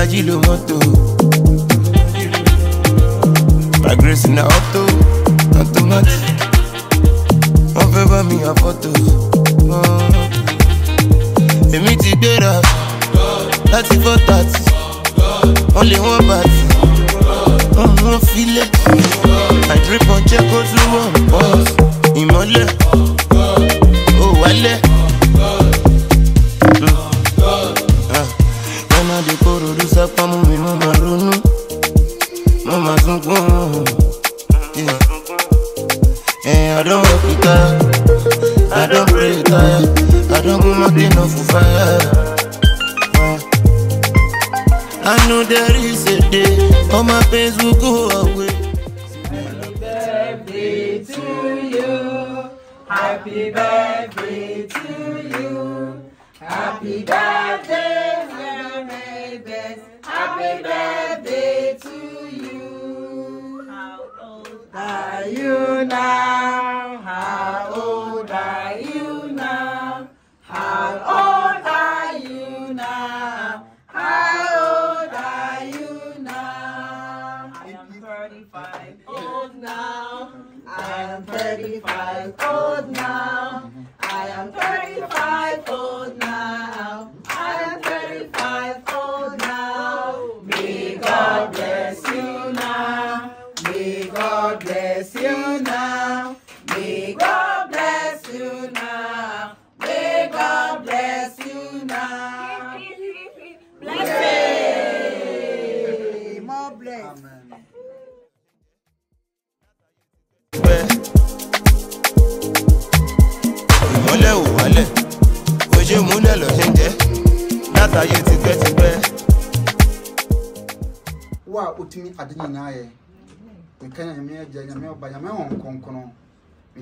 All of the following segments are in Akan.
Bolaji lo mọ́tò. My grace in the auto, not too much. Wọ́n fẹ́ me, mi photo. fọ́tò. Èmi ti gbéra láti fọ́ tàtì. Wọ́n lè wọ́n bàtì. Wọ́n wọ́n filẹ̀. Àìdírípọ̀ jẹ́ kó tún wọ̀ pọ̀. Ìmọ́lẹ̀. Ó wálẹ̀.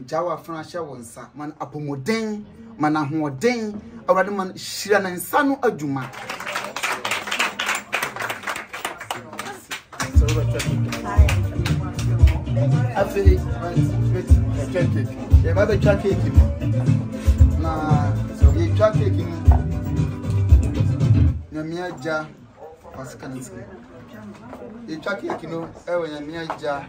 agya wafra hyɛ wo nsa ma no apɔmɔden ma no ahoɔden awurade ma no hyira ne nsa no adwuma afei yɛtwa keeki na yɛtwa keeki mu nyame agya pasika ne sɛ yɛtwa keeki no ɛwɔ nyame agya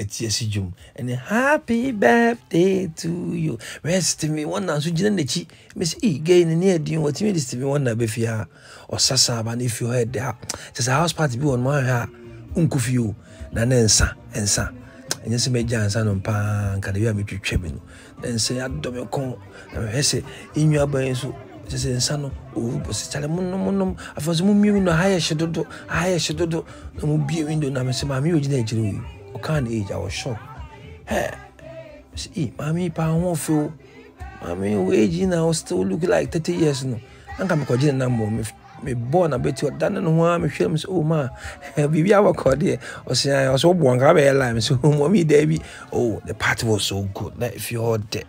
ɛti ɛsi dwom ɛne happy birthday to you rest me wɔn na nso gyina n'akyi mesi ee gay ne ne ɛdin wɔtumi Rest stimi wɔn na bɛfi ha ɔsasa aba ne fi hɔ ɛda ha kyɛ sɛ house party bi wɔn mo ahwɛ a nku fi o na ne nsa nsa ɛnyɛ sɛ mɛgya nsa no paa nka de bi a metwitwa bi no na nsa yɛ adɔ me kɔn na mehwɛ sɛ enyu aban nso kyɛ sɛ nsa no owu bɔ sɛ kyale monom monom afei nso mo mmie window ha yɛ hye dodo ha yɛ hye dodo na mo bie window na mesɛ maame yɛ ogyina akyire o yi. Okan age, I was shocked. Hey, see, mommy, pa won't feel. Mommy, age now still look like 30 years no. Anka me kɔgye ne nam wɔ me bɔɔ na bɛti ɔda ne no ho a mehwɛ mu sɛ o ma biribi awɔkɔ deɛ ɔsɛ ɔsɛ wobɔ nka bɛyɛ lime sɛ mɔmi daa bi oh the party was so good na if you all there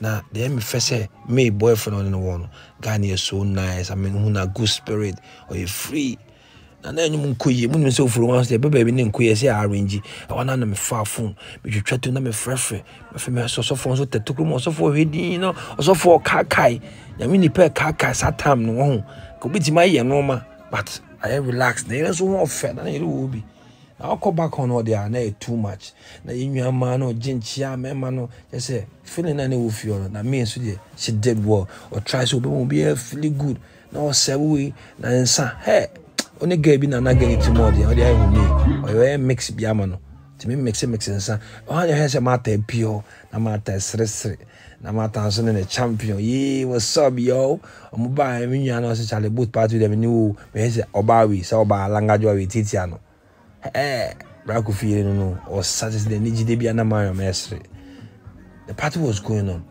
na deɛ mefɛ sɛ me boyfriend ɔne no wɔ no guy yɛ so nice i mean hu na good spirit ɔyɛ free nana enyim nkoyie mu nim sɛ ofuru wɔn sɛ ɛbɛ baabi ne nkoyie sɛ arrange ɛwɔ na na mefa phone metwitwa to na mefrɛfrɛ mefɛ me ɔsɔfoɔ nso tɛto kurom ɔsɔfoɔ hwɛ din na ɔsɔfoɔ kaakae nyame nipa kaakae saa tam ne wɔn ho ka obi tumi ayɛ nneɛma but ayɛ relax na yɛrɛ nso ho ɔfɛ na yɛrɛ wɔ bi na ɔkɔ back on ɔde a na yɛ too much na yɛ nwa mmaa no ɔgye nkyia mmarima no kyɛ sɛ feeling na na ɛwɔ fie no na me nso deɛ she did well ɔtry sɛ obɛma obiara feel good na ɔsɛ wei na nsa hey ɔne girl bi nana gɛn ti mu ɔde ɔde ayɛ wɔ mi ɔyɛ mix bi ama no tìmí mix mix nsa ɔhane hɛ sɛ maata epi hɔ na maata seresere na maata nso ne ne champion yee what's up yo ɔmo e baa ɛmi nua na ɔsɛ kyale boot party dɛm ni wo mɛhɛ sɛ ɔbaa wi sɛ ɔbaa langadwa wi titi ano ɛɛ brako fie no no ɔsa sisi de ne gyide bi anam ayɔ mɛsere the party was going on.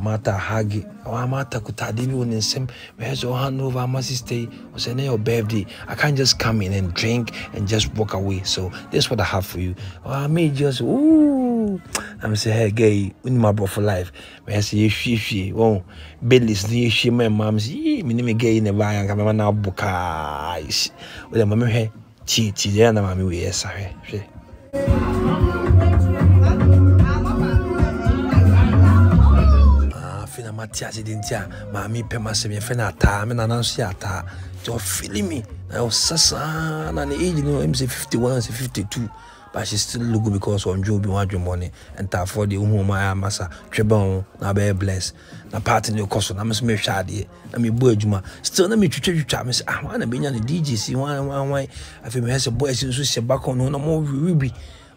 amata hagi amata kutadibi uninsem mehezo so handover my sister say na your birthday i can't just come in and drink and just walk away so this is what i have for you oh, i may just ooh i'm say hey gay we need my bro for life me say ye hwe hwe won bellies ni hwe my mom say me name gay ne ba yan ka me na buka is we dem me hwe ti ti na mami we yes hwe hwe mate ase de nti a maame pɛ ma sɛ meyɛfɛ no ataa me nana nso yɛ ataa nti ɔfili me na ɔsa saa na ne age no ɛm sɛ 51 sɛ 52 but she still look because ɔndwe obi ho adwemmɔne ntaafoɔ deɛ wohu ma ayɛ amasa twɛbɛ ho na bɛyɛ bless na party ne ɛkɔ so na meso mehwɛ adeɛ na mebu adwuma still na metwitwatwitwa me sɛ ah hwan na bɛnya no dj si hwan hwan hwan afei mehɛ sɛ boys nso hyɛ back on ho na mɔwewe bi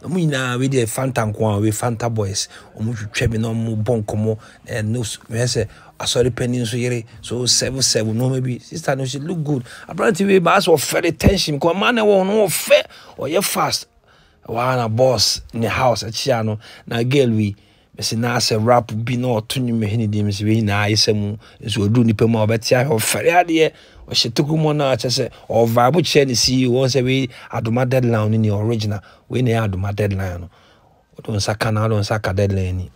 ɔmo nyinaa wei deɛ fanta nko a wei fanta boys ɔmo twitwa bi na ɔmo bɔ nkɔmɔ ɛɛ nose mɛ sɛ asɔre panyin nso yere so seven seven nneɛma bi sista no she look good aberante wei baasa ɔfɛ de tension kɔ ɔmo anan wɔ no ɔfɛ ɔyɛ fast wɔn na boss ne house akyia no na girl wei mesi na asɛ rap bi na ɔto nwuma hene deɛ mesi wei nyinaa ayɛ sɛ mu nso ɔduru nipa mu a ɔbɛte ahwɛ ɔfɛre adeɛ ɔhyɛ toko mu na akyɛ sɛ ɔvaabu kyerɛ ne si e wɔn sɛ wei adoma deadline no ne original wei na yɛ adoma deadline no ɔde nsa ka na ɔde nsa ka deadline ni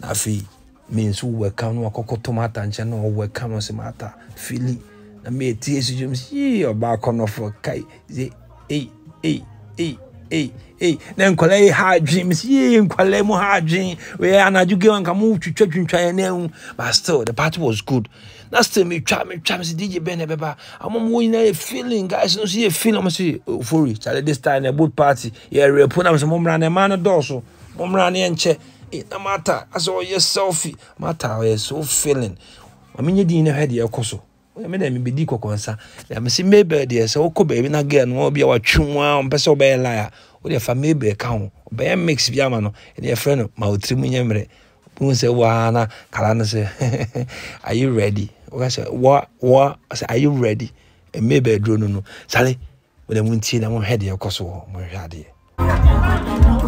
na afei mi nso wɛka no akɔkɔ tom ata nkyɛn na ɔwɛka no sɛ mata fili na mi etie si dwom si yii ɔbaa akɔnɔfoɔ kai ze ei ei ei ei ei na nkwadaa yi ha adwene mesi yee nkwadaa mu ha adwene wee anadwo game nka mo twitwa twitwa yɛn nan mu but still the party was good na still mi twa mi twa mi si dj bɛn na ɛbɛba ama mo nyinaa yɛ feeling guys no so yɛ feeling ɔmo si ofori oh, kyale this time na boat party yɛ repo na mo sɛ mo mmra na ɛmaa no dɔɔso mo mmra na yɛ nkyɛ ee na mata asɛ ɔyɛ selfie mata ɔyɛ so feeling maame nye din na hwɛ deɛ ɛkɔ so me dɛ mebɛdi kɔkɔ nsa mese mabel deɛ sɛ wokɔ baabi na gɛ no bia watwe mu a ɔmpɛ sɛ wobɛyɛ lie a wode fa mabel ka ho ɔbɛyɛ mix bi ama no ɛne yɛfrɛ no ma ɔtiri mu nyɛ mmerɛ bohu sɛ waa na kala no sɛ are you ready woka sɛ wa wa sɛ are you ready mabel duro no no sare wode montie na mohwɛ deɛ ɛkɔ so wɔ mohwɛ adeɛ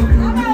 Amém.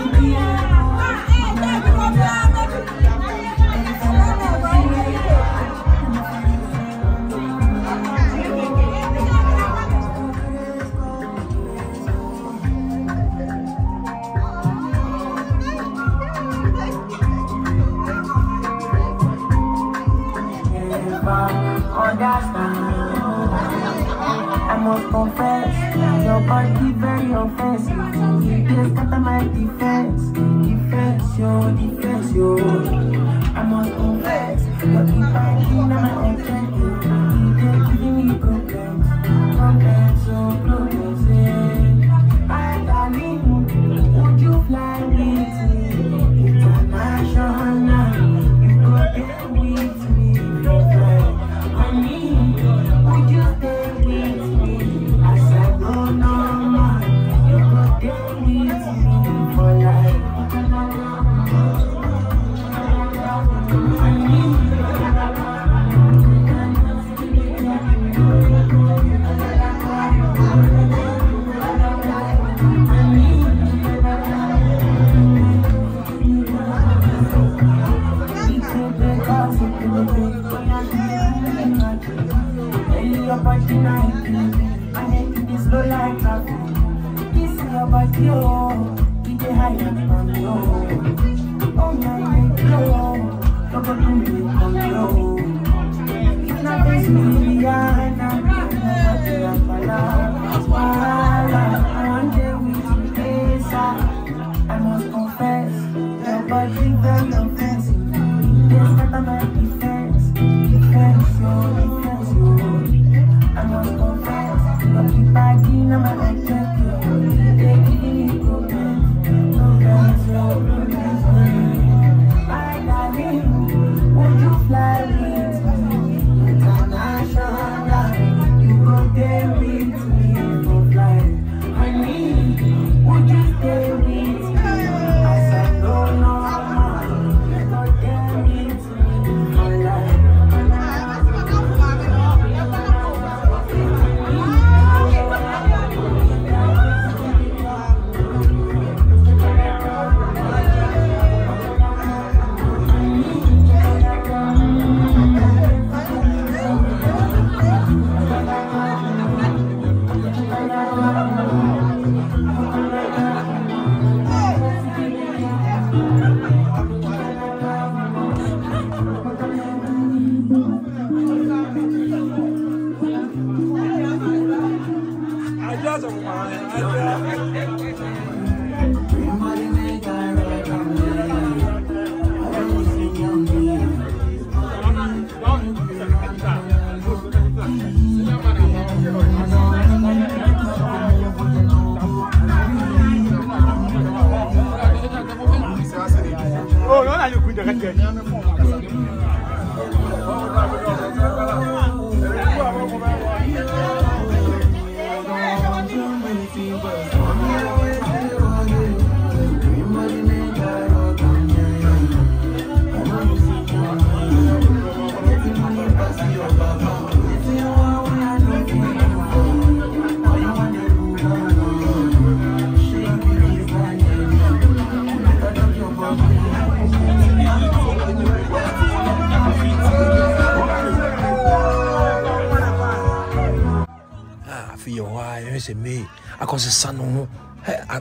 nsa no ho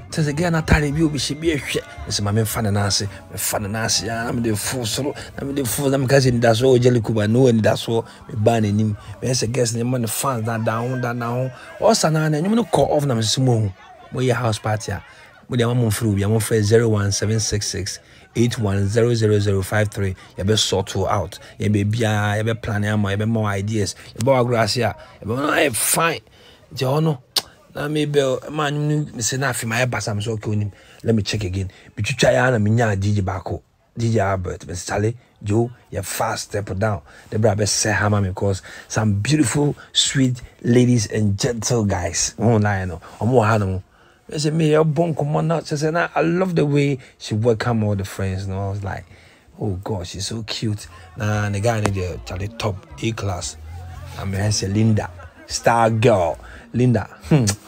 te sɛ gɛ natare bi obɛhyɛ bi ahwɛ sɛ ma memfa ne naase mefa ne naase a na mede fo soro na mede fo na meka sɛ nidasoɔ ɔgyale kuba ne wɔ nidasoɔ mebaa n'anim mɛɛ sɛ gas ne ma ne fans dadaa ho dadaa ho ɔsa naa no ɛnwom no kɔ off na mesɛ mu ɔhu moyɛ house party a mode ama momfrɛ obi a momfrɛ 01766 810053 yɛbɛ sort out yɛbɛ biaa yɛbɛ plane ama yɛbɛ ma ideas yɛbɛ wagorɔ ase a yɛbɛ no ɛ fine nti ɔno na maybe maa nu sɛ na afei mayɛ basa me sɛ okay onim let me check again metwitwa yɛ a na menya dj baako dj albert mesale jo yɛ fast step down de berɛ a bɛsɛ hama me because some beautiful sweet ladies and gentle guys online no ɔmo wɔ ha no mo ɛsɛ me yɛbɔ nkɔmmɔ na kyɛ sɛ na i love the way she welcome all the friends no i was like oh god she's so cute na ne guy ne deɛ tale top a class amehɛ sɛ linda star girl linda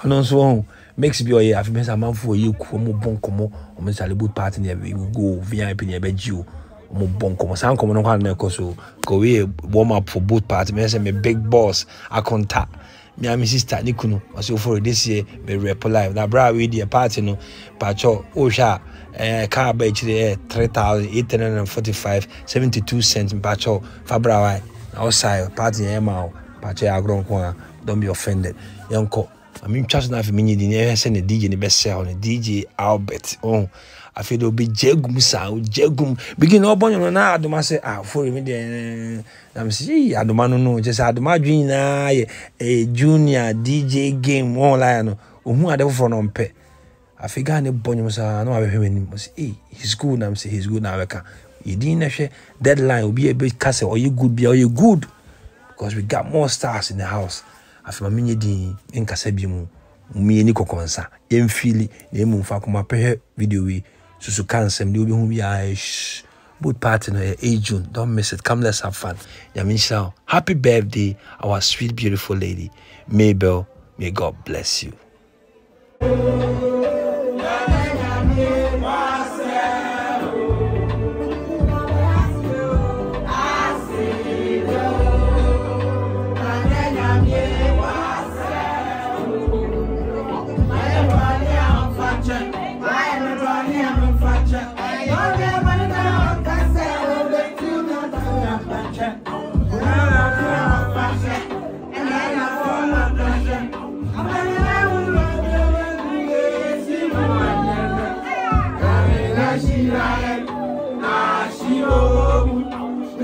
ɔno nso ɔho mix bi ɔyɛ afei mɛnsa amanfo ɔyɛ ku ɔmo bɔ nkɔmɔ ɔmo nsa lebo party ne ɛbɛ go vip ne ɛbɛ gyi o ɔmo bɔ nkɔmɔ saa nkɔmɔ no kwan na ɛkɔ so kɔwe yɛ warm up for both party mɛnsa mi big boss akonta mi a mi sista ne kunu ɔsɛ oforo de seɛ mi rap live na abira awi deɛ party no patsɔ ohwɛ a ɛɛ kaa ba akyire ɛɛ three thousand eight hundred and forty five seventy two cents patsɔ fabra wa ɔsaa party yɛn ma o patsɔ yɛ agorɔ nko a don't be offended yɛnkɔ amentwa so no afei menye din yɛhwɛ sɛ ne dj ne bɛsɛ hɔ no dj albert ɔhu afei de obɛgya agum saa ogya agum bigi na ɔbɔ nwono na adoma sɛ ah, afori me deɛ na mesɛ yi adoma no no kyɛ sɛ adoma adwe nyinaa yɛ ɛyɛ junior dj game wɔn laya no ɔhu ade foforɔ no ɔmpɛ afei gaa ne bɔ nwom saa na wabɛhwɛ m'anim ɔsɛ ei his good na mesɛ his good na abɛka yɛdin na hwɛ deadline obi a bɛka sɛ ɔyɛ good bia ɔyɛ good because we got more stars in the house afei ma menyɛ din nkasa bi mu mmieni kɔkɔnsa yɛmfili na ɛmu mfa akoma pɛhɛ video yi susu ka nsɛm de wobɛhu biaa ah, eh, boot party eh, no yɛ 8 june don't miss it come let's have fun nyame nhyira wo happy birthday our sweet beautiful lady maybel may god bless you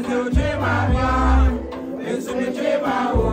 It's in the table.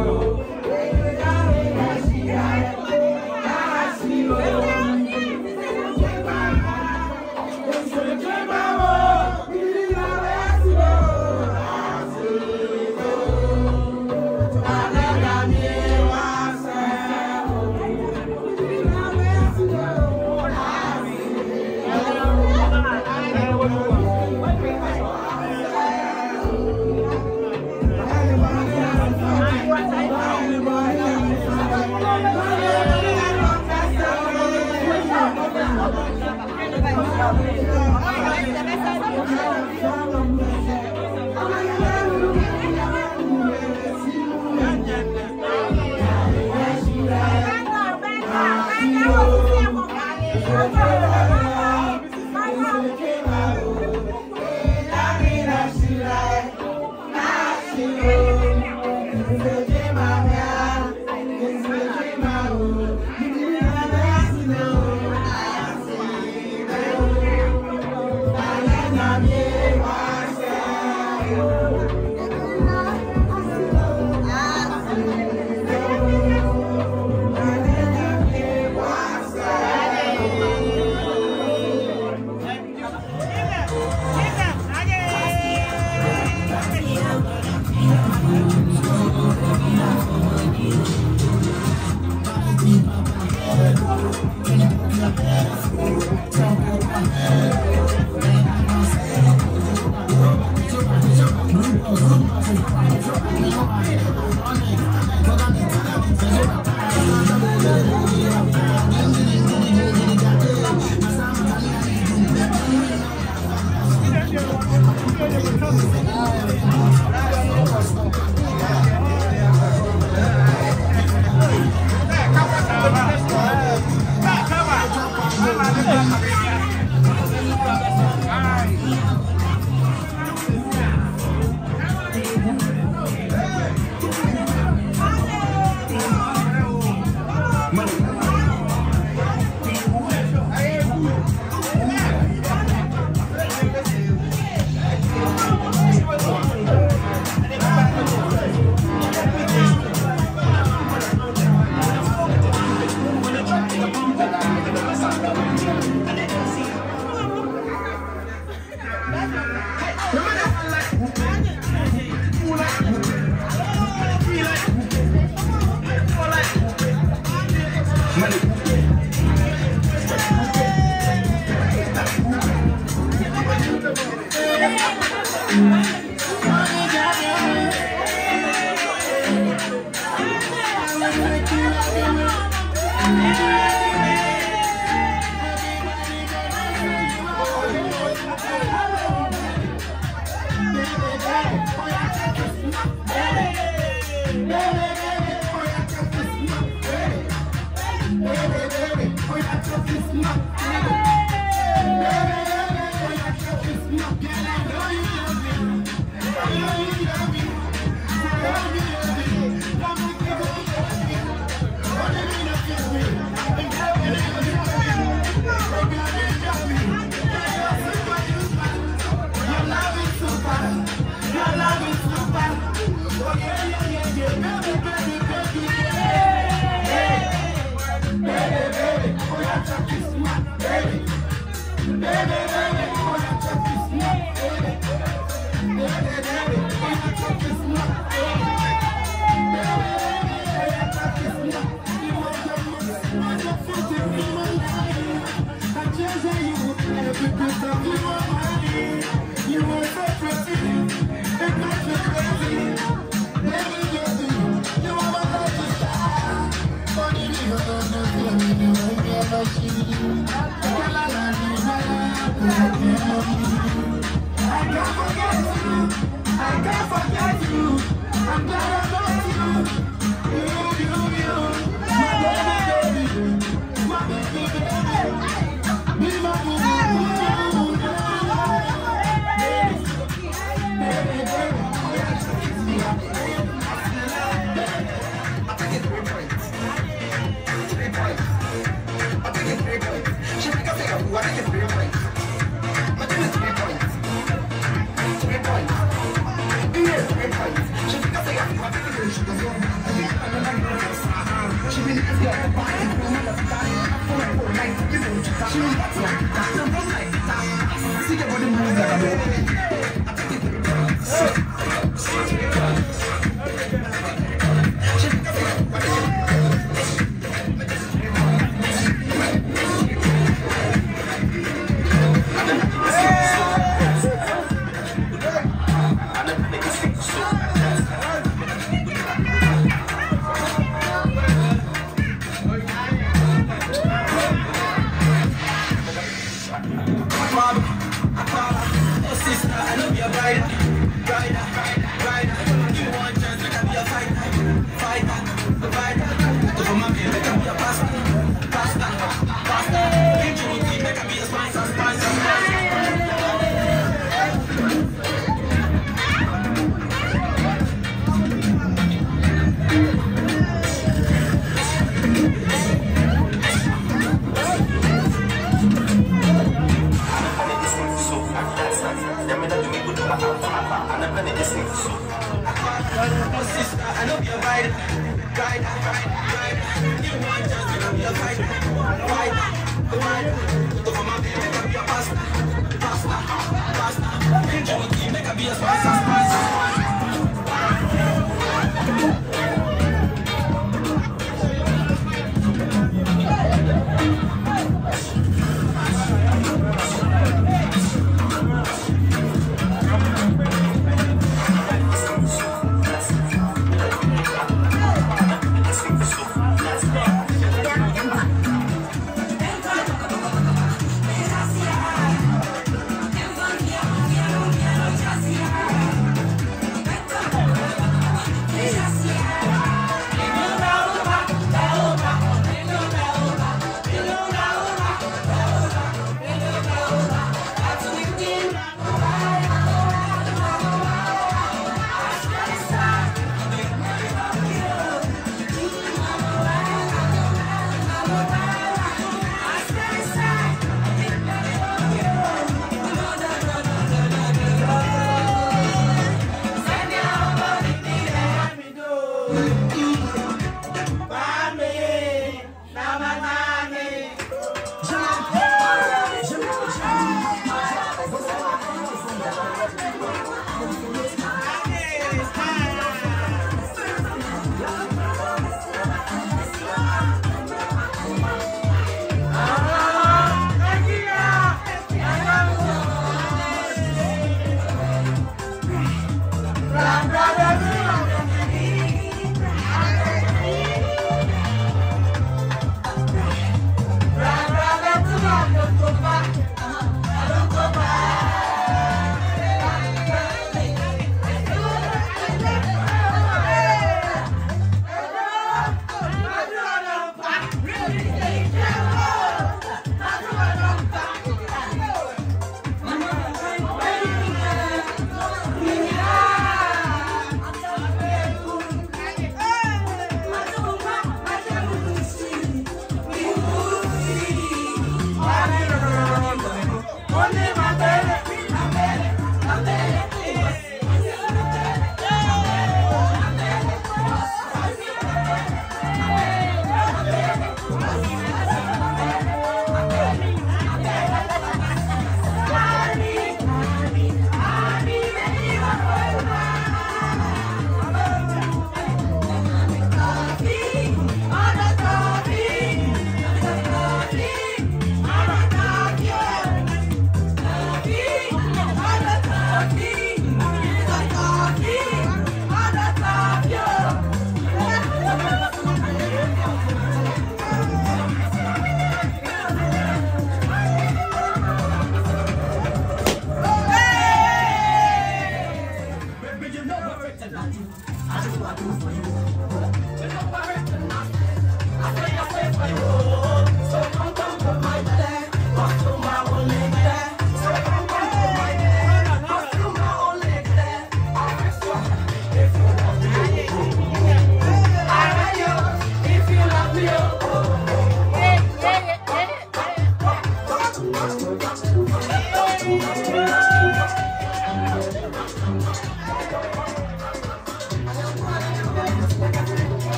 I can't forget you. I can't forget you. See your body move like a Bob, Bob, sister, I love you brighter, brighter. guide, guide, guide, You want just to be a fight, Look for my baby, make her be a pasta, pasta, pasta. make her be a spice, spice, spice.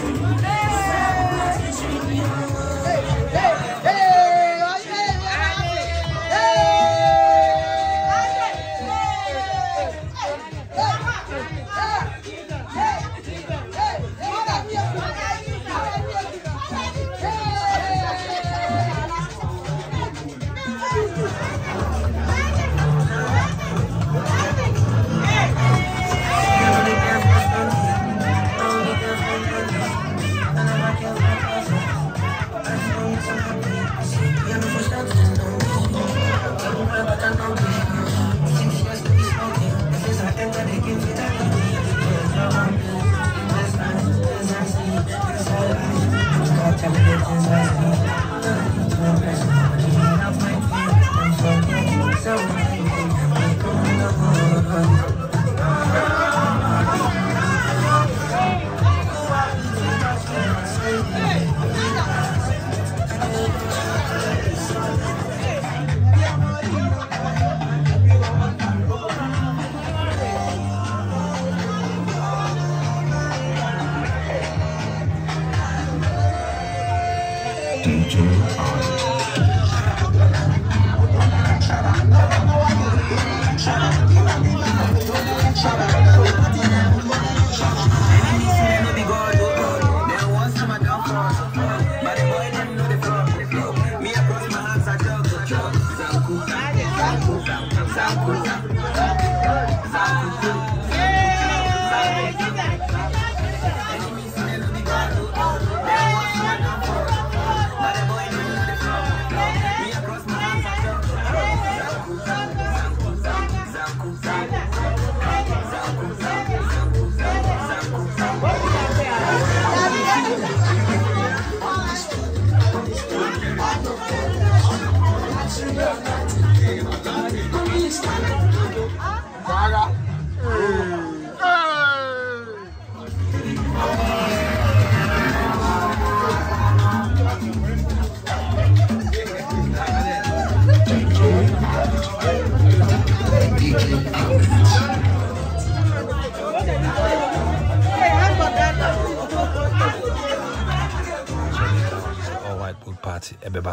Sim.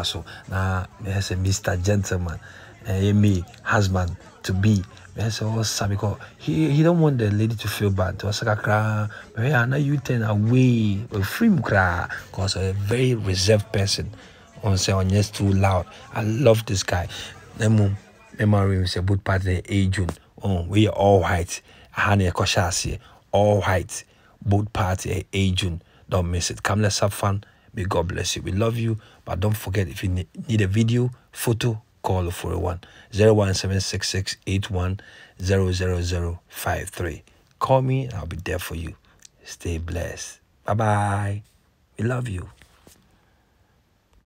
so now mehɛ sɛ mr gentleman ɛyɛ eh, me husband to be mehɛ sɛ oh, because he, he don't want the lady to feel bad ɔsɛ kakraa mehwɛ a you turn away ɔfiri because a very reserved person say on oh, yes, too loud i love this guy na mmom mema rem sɛ both party Agent. Eh, ajun oh, we are all white Honey, na all white both party Agent. Eh, don't miss it come let's have fun May God bless you. We love you. But don't forget, if you need a video, photo, call 401 01766 8100053. Call me and I'll be there for you. Stay blessed. Bye bye. We love you.